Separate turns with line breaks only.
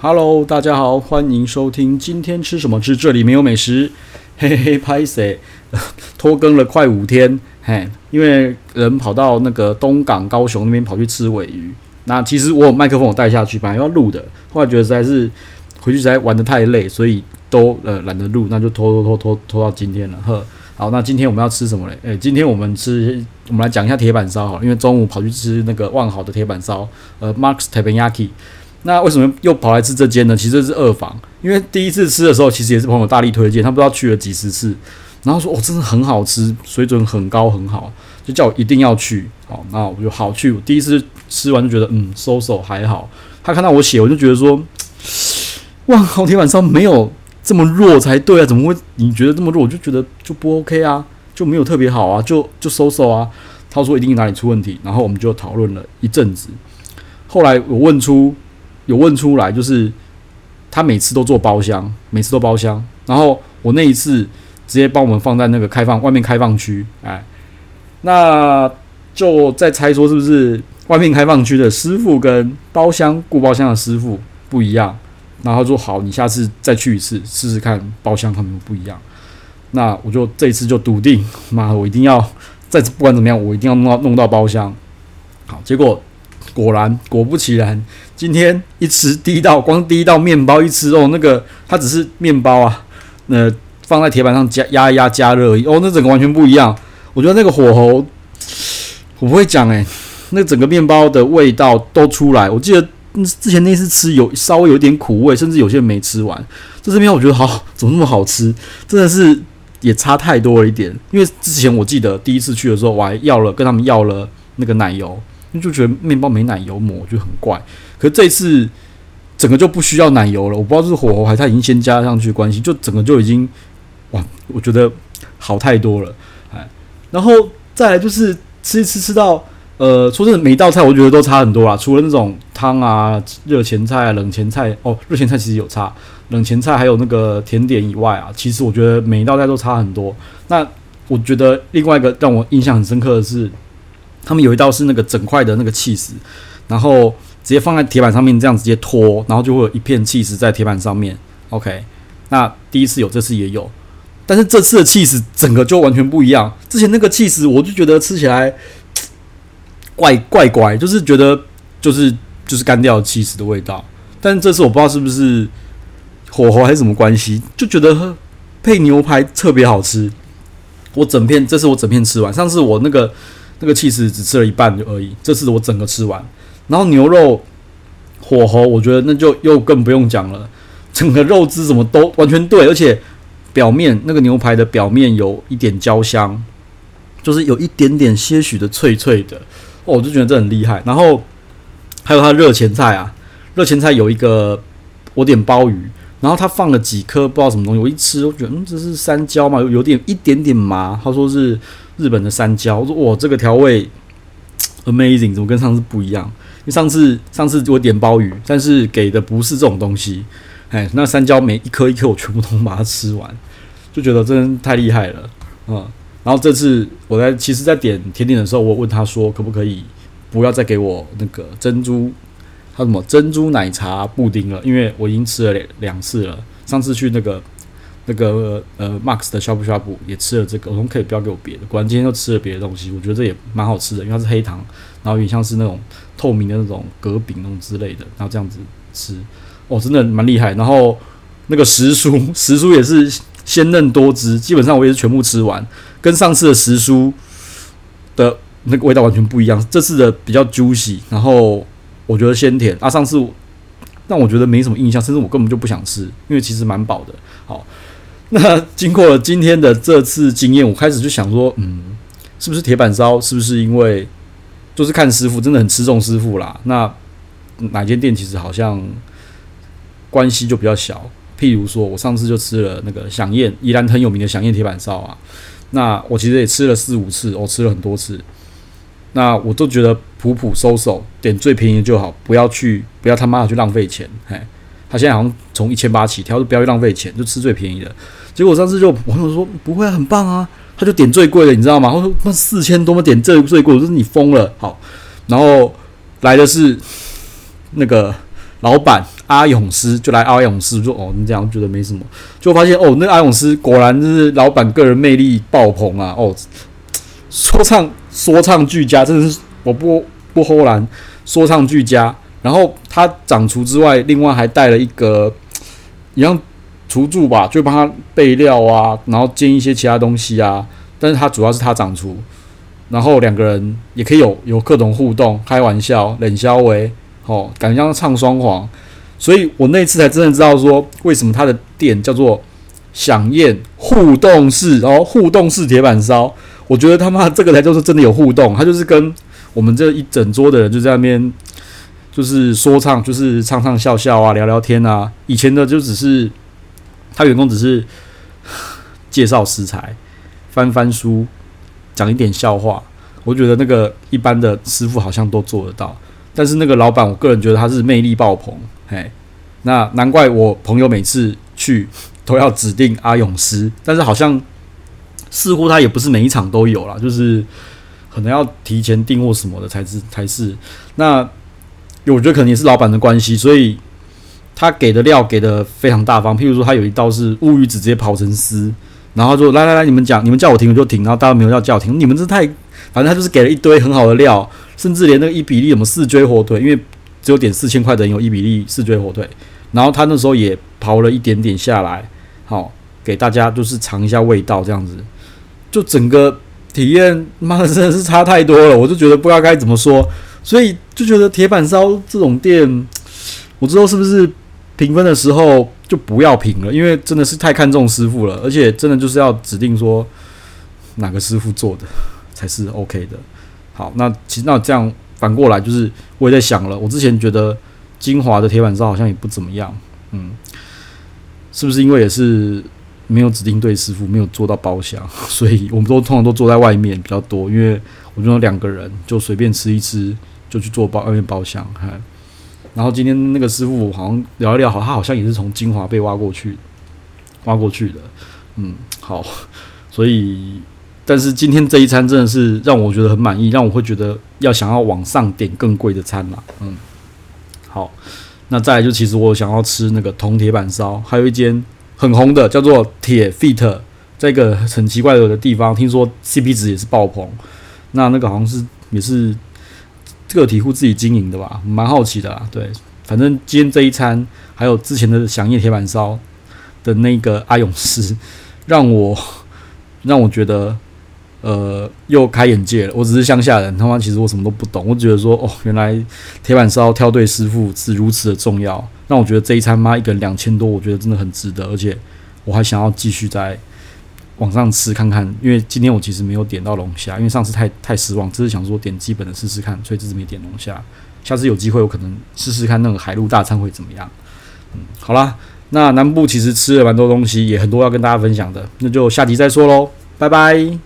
Hello，大家好，歡迎收聽今天吃什麼吃？這裡沒有美食，嘿嘿，歹勢，拖更了快五天，嘿，因為人跑到那個東港高雄那邊跑去吃鮪魚。那其實我有麥克風我帶下去，本來要錄的，後來覺得實在是回去實在玩得太累，所以都呃懶得錄，那就拖拖拖拖拖到今天了，呵，好，那今天我們要吃什麼嘞？哎、欸，今天我們吃，我們來講一下鐵板燒哈，因為中午跑去吃那個萬豪的鐵板燒，呃，Mark's Teppanyaki。Mark 那為什麼又跑來吃這間呢？其實這是二房，因為第一次吃的時候，其實也是朋友大力推薦，他不知道去了幾十次，然後說：“我、哦、真的很好吃，水準很高，很好。”就叫我一定要去。好，那我就好去。我第一次吃完就覺得，嗯，so so 還好。他看到我寫，我就覺得說：“哇，昨天晚上沒有這麼弱才對啊，怎麼會你覺得這麼弱？我就覺得就不 OK 啊，就沒有特別好啊，就就 so so 啊。”他說：“一定哪裡出問題。”然後我們就討論了一陣子，後來我問出。有問出來，就是他每次都做包廂，每次都包廂。然後我那一次直接幫我們放在那個開放外面開放區，哎，那就在猜說是不是外面開放區的師傅跟包廂顧包廂的師傅不一樣？然後他說：“好，你下次再去一次試試看，包廂他們不一樣。”那我就這一次就篤定，媽的，我一定要再不管怎麼樣，我一定要弄到弄到包廂。好，結果。果然，果不其然，今天一吃第一道，光第一道麵包一吃哦，那個它只是麵包啊，呃，放在鐵板上加壓一壓加熱而已哦，那整個完全不一樣。我覺得那個火候，我不會講誒、欸，那整個麵包的味道都出來。我記得之前那次吃有稍微有一點苦味，甚至有些人沒吃完。這這邊我覺得好，怎麼那麼好吃？真的是也差太多了一點，因為之前我記得第一次去的時候，我還要了跟他們要了那個奶油。就覺得麵包沒奶油抹，我覺得很怪。可是這一次整個就不需要奶油了，我不知道是火候還是它已經先加上去關係，就整個就已經哇，我覺得好太多了哎。然後再來就是吃一吃吃到呃，說真的，每一道菜我覺得都差很多啦，除了那種湯啊、熱前菜、啊、冷前菜哦，熱前菜其實有差，冷前菜還有那個甜點以外啊，其實我覺得每一道菜都差很多。那我覺得另外一個讓我印象很深刻的是。他們有一道是那個整塊的那個 cheese，然後直接放在鐵板上面，這樣直接拖，然後就會有一片 cheese 在鐵板上面。OK，那第一次有，這次也有，但是這次的 cheese 整個就完全不一樣。之前那個 cheese 我就覺得吃起來怪怪怪，就是覺得就是就是乾掉 cheese 的，的味道。但這次我不知道是不是火候還是什麼關係，就覺得配牛排特別好吃。我整片這次我整片吃完，上次我那個。那個氣勢只吃了一半就而已，這次我整個吃完，然後牛肉火候，我覺得那就又更不用講了，整個肉汁什麼都完全對，而且表面那個牛排的表面有一點焦香，就是有一點點些許的脆脆的，哦，我就覺得這很厲害。然後還有它的熱前菜啊，熱前菜有一個我點鮑魚。然後他放了幾顆不知道什麼東西，我一吃，我覺得嗯，這是山椒嘛，有點一點點麻。他說是日本的山椒，我說哇，這個調味 amazing，怎麼跟上次不一樣？因為上次上次我點鮑魚，但是給的不是這種東西。哎，那山椒每一顆一顆，我全部都把它吃完，就覺得真的太厲害了啊，嗯！然後這次我在其實，在點甜點的時候，我問他說可不可以不要再給我那個珍珠。還什麼珍珠奶茶布丁了。因為我已經吃了兩次了。上次去那個那個呃 Mark's 的 Shop Shop 也吃了這個，我總可以不要給我別的？果然今天又吃了別的東西，我覺得這也蠻好吃的。因為它是黑糖，然後有點像是那種透明的那種葛餅那種之類的，然後這樣子吃哦，真的蠻厲害。然後那個時蔬時蔬也是鮮嫩多汁，基本上我也是全部吃完，跟上次的時蔬的那個味道完全不一樣。這次的比較 juicy，然後。我覺得鮮甜啊，上次讓我覺得沒什麼印象，甚至我根本就不想吃，因為其實蠻飽的。好，那經過了今天的這次經驗，我開始就想說，嗯，是不是鐵板燒？是不是因為就是看師傅，真的很吃重師傅啦？那哪間店其實好像關係就比較小？譬如說我上次就吃了那個饗宴，宜蘭很有名的饗宴鐵板燒啊。那我其實也吃了四五次，我、哦、吃了很多次。那我都覺得普普收手，點最便宜的就好，不要去，不要他媽的去浪費錢。嘿，他現在好像從一千八起跳，就不要去浪費錢，就吃最便宜的。結果上次就朋友說不會、啊，很棒啊，他就點最貴的，你知道嗎？他說那四千多嘛，點這最貴，我說你瘋了。好，然後來的是那個老闆阿勇師，就來阿勇師說哦，你這樣覺得沒什麼，就發現哦，那個、阿勇師果然就是老闆個人魅力爆棚啊。哦，說唱。說唱俱佳，真的是我不不豁然說唱俱佳。然後他掌廚之外，另外還帶了一個，像廚助吧，就幫他備料啊，然後煎一些其他東西啊。但是他主要是他掌廚。然後兩個人也可以有有各種互動，開玩笑，冷笑為哦，感覺像唱雙簧。所以我那次才真的知道說，為什麼他的店叫做“饗宴互動式”，然、哦、後互動式鐵板燒。我覺得他媽這個才就是真的有互動，他就是跟我們這一整桌的人就在那邊，就是說唱，就是唱唱笑笑啊，聊聊天啊。以前的就只是他員工只是介紹食材、翻翻書、講一點笑話。我覺得那個一般的師傅好像都做得到，但是那個老闆，我個人覺得他是魅力爆棚。嘿，那難怪我朋友每次去都要指定阿勇師，但是好像。似乎他也不是每一場都有啦，就是可能要提前訂貨什麼的才是才是。那我覺得可能也是老闆的關係，所以他給的料給的非常大方。譬如說他有一道是烏魚子直接刨成絲，然後就來來來，你們講，你們叫我停我就停，然後大家沒有要叫停，你們這太……反正他就是給了一堆很好的料，甚至連那個伊比利什麼四 J 火腿，因為只有點四千塊的人有伊比利四 J 火腿，然後他那時候也刨了一點點下來，好給大家就是嘗一下味道這樣子。就整個體驗，媽的真的是差太多了，我就覺得不知道該怎麼說，所以就覺得鐵板燒這種店，我之後是不是評分的時候就不要評了？因為真的是太看重師傅了，而且真的就是要指定說哪個師傅做的才是 OK 的。好，那其實那這樣反過來就是我也在想了，我之前覺得晶華的鐵板燒好像也不怎麼樣，嗯，是不是因為也是？沒有指定對師傅，沒有坐到包廂，所以我們都通常都坐在外面比較多。因為我們就有兩個人，就隨便吃一吃，就去坐包外面包廂。哈，然後今天那個師傅好像聊一聊，好，他好像也是從金華被挖過去，挖過去的。嗯，好，所以但是今天這一餐真的是讓我覺得很滿意，讓我會覺得要想要往上點更貴的餐嘛。嗯，好，那再來就其實我想要吃那個銅鐵板燒，還有一間。很紅的叫做鐵 fit，在一個很奇怪的地方，聽說 CP 值也是爆棚。那那個好像是也是個體戶自己經營的吧，蠻好奇的啦。對，反正今天這一餐，還有之前的饗宴鐵板燒的那個阿勇師，讓我讓我覺得，呃，又開眼界了。我只是鄉下人，他媽，其實我什麼都不懂。我覺得說，哦，原來鐵板燒挑對師傅是如此的重要。那我覺得這一餐嘛，一個兩千多，我覺得真的很值得，而且我還想要繼續再往上吃看看，因為今天我其實沒有點到龍蝦，因為上次太太失望，只是想說點基本的試試看，所以這次沒點龍蝦，下次有機會我可能試試看那個海陸大餐會怎麼樣。嗯，好啦，那南部其實吃了蠻多東西，也很多要跟大家分享的，那就下集再說嘍，拜拜。